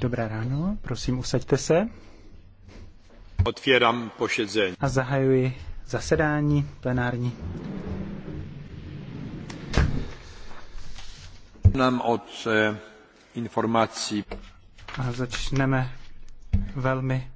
Dobré ráno, prosím, usaďte se. Otvírám pošedzení. A zahajuji zasedání plenární. Nám od eh, informací. A začneme velmi